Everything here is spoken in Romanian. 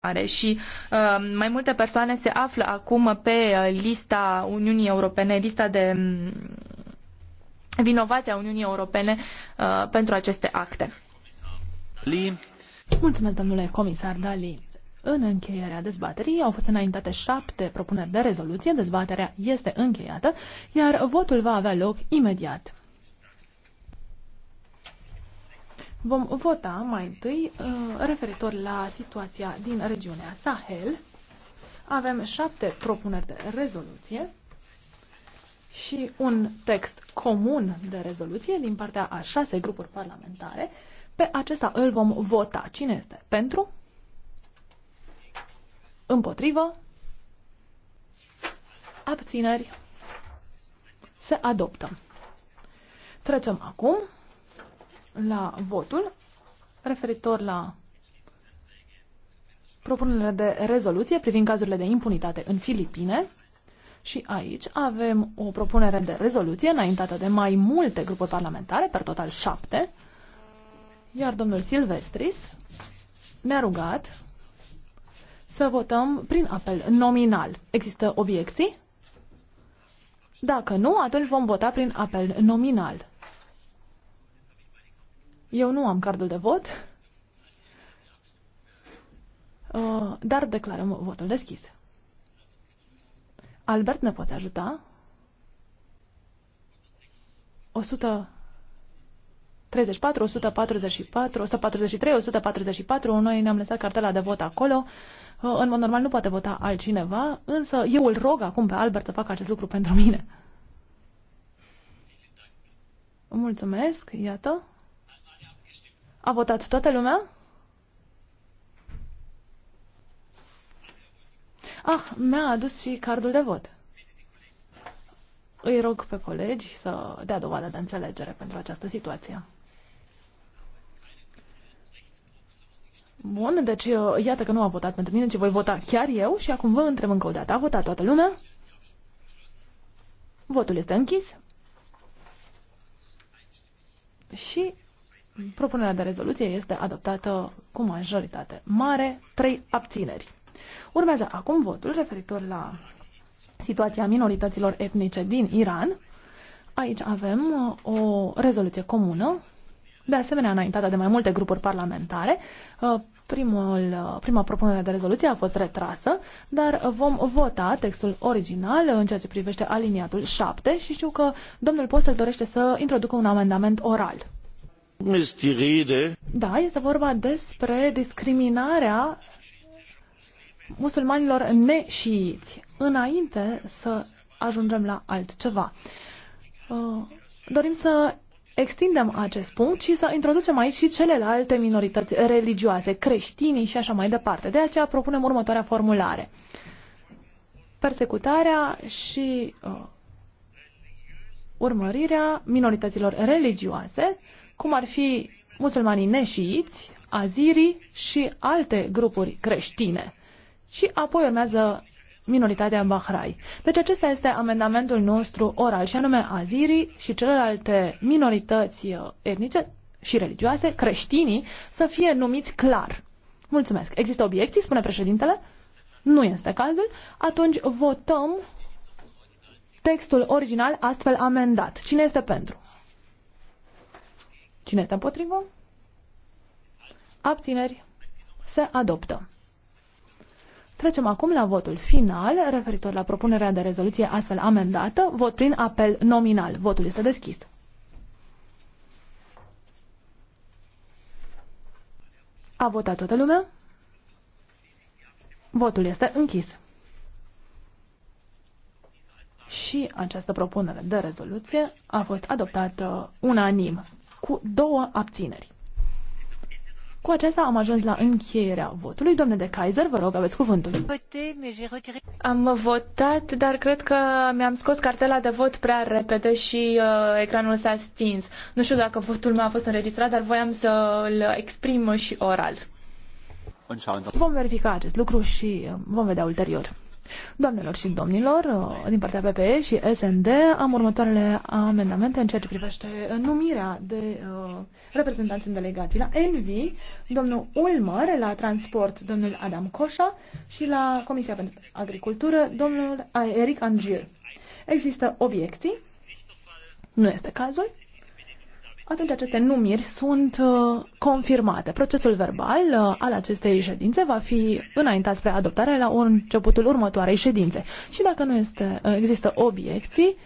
are și uh, mai multe persoane se află acum pe uh, lista Uniunii Europene, lista de mm, vinovați a Uniunii Europene uh, pentru aceste acte. Li. Mulțumesc, domnule comisar Dali. În încheierea dezbaterii au fost înaintate șapte propuneri de rezoluție, dezbaterea este încheiată, iar votul va avea loc imediat. Vom vota mai întâi uh, referitor la situația din regiunea Sahel. Avem șapte propuneri de rezoluție și un text comun de rezoluție din partea a șase grupuri parlamentare. Pe acesta îl vom vota. Cine este pentru? Împotrivă? Abțineri? Se adoptă. Trecem acum la votul referitor la propunerea de rezoluție privind cazurile de impunitate în Filipine. Și aici avem o propunere de rezoluție înaintată de mai multe grupuri parlamentare, per total șapte, iar domnul Silvestris ne-a rugat să votăm prin apel nominal. Există obiecții? Dacă nu, atunci vom vota prin apel nominal. Eu nu am cardul de vot, uh, dar declarăm votul deschis. Albert, ne poți ajuta? 134, 144, 143, 144, noi ne-am lăsat cartela de vot acolo. Uh, în mod normal nu poate vota altcineva, însă eu îl rog acum pe Albert să facă acest lucru pentru mine. Mulțumesc, iată. A votat toată lumea? Ah, mi-a adus și cardul de vot. Îi rog pe colegi să dea dovadă de înțelegere pentru această situație. Bun, deci uh, iată că nu a votat pentru mine, ci voi vota chiar eu și acum vă întreb încă o dată. A votat toată lumea? Votul este închis. Și propunerea de rezoluție este adoptată cu majoritate mare, trei abțineri. Urmează acum votul referitor la situația minorităților etnice din Iran. Aici avem uh, o rezoluție comună, de asemenea înaintată de mai multe grupuri parlamentare. Uh, primul, uh, prima propunere de rezoluție a fost retrasă, dar vom vota textul original în ceea ce privește aliniatul 7 și știu că domnul Postel dorește să introducă un amendament oral. Da, este vorba despre discriminarea musulmanilor neșiiți înainte să ajungem la altceva. Uh, dorim să extindem acest punct și să introducem aici și celelalte minorități religioase, creștinii și așa mai departe. De aceea propunem următoarea formulare. Persecutarea și uh, urmărirea minorităților religioase cum ar fi musulmanii neșiiți, azirii și alte grupuri creștine. Și apoi urmează minoritatea în Bahrai. Deci acesta este amendamentul nostru oral, și anume azirii și celelalte minorități uh, etnice și religioase, creștinii, să fie numiți clar. Mulțumesc. Există obiecții, spune președintele? Nu este cazul. Atunci votăm textul original astfel amendat. Cine este pentru? Cine este împotrivă? Abțineri. Se adoptă. Trecem acum la votul final, referitor la propunerea de rezoluție astfel amendată, vot prin apel nominal. Votul este deschis. A votat toată lumea? Votul este închis. Și această propunere de rezoluție a fost adoptată unanim cu două abțineri. Cu aceasta am ajuns la încheierea votului. Domnule de Kaiser, vă rog, aveți cuvântul. Am votat, dar cred că mi-am scos cartela de vot prea repede și uh, ecranul s-a stins. Nu știu dacă votul meu a fost înregistrat, dar voiam să l exprim și oral. Vom verifica acest lucru și uh, vom vedea ulterior. Doamnelor și domnilor, uh, din partea PPE și SND am următoarele amendamente în ceea ce privește numirea de uh, reprezentanți în delegații la ENVI, domnul Ulmăr, la Transport, domnul Adam Coșa și la Comisia pentru Agricultură, domnul Eric Andrieu. Există obiecții? Nu este cazul atunci aceste numiri sunt uh, confirmate. Procesul verbal uh, al acestei ședințe va fi înaintat spre adoptare la începutul următoarei ședințe. Și dacă nu este, uh, există obiecții,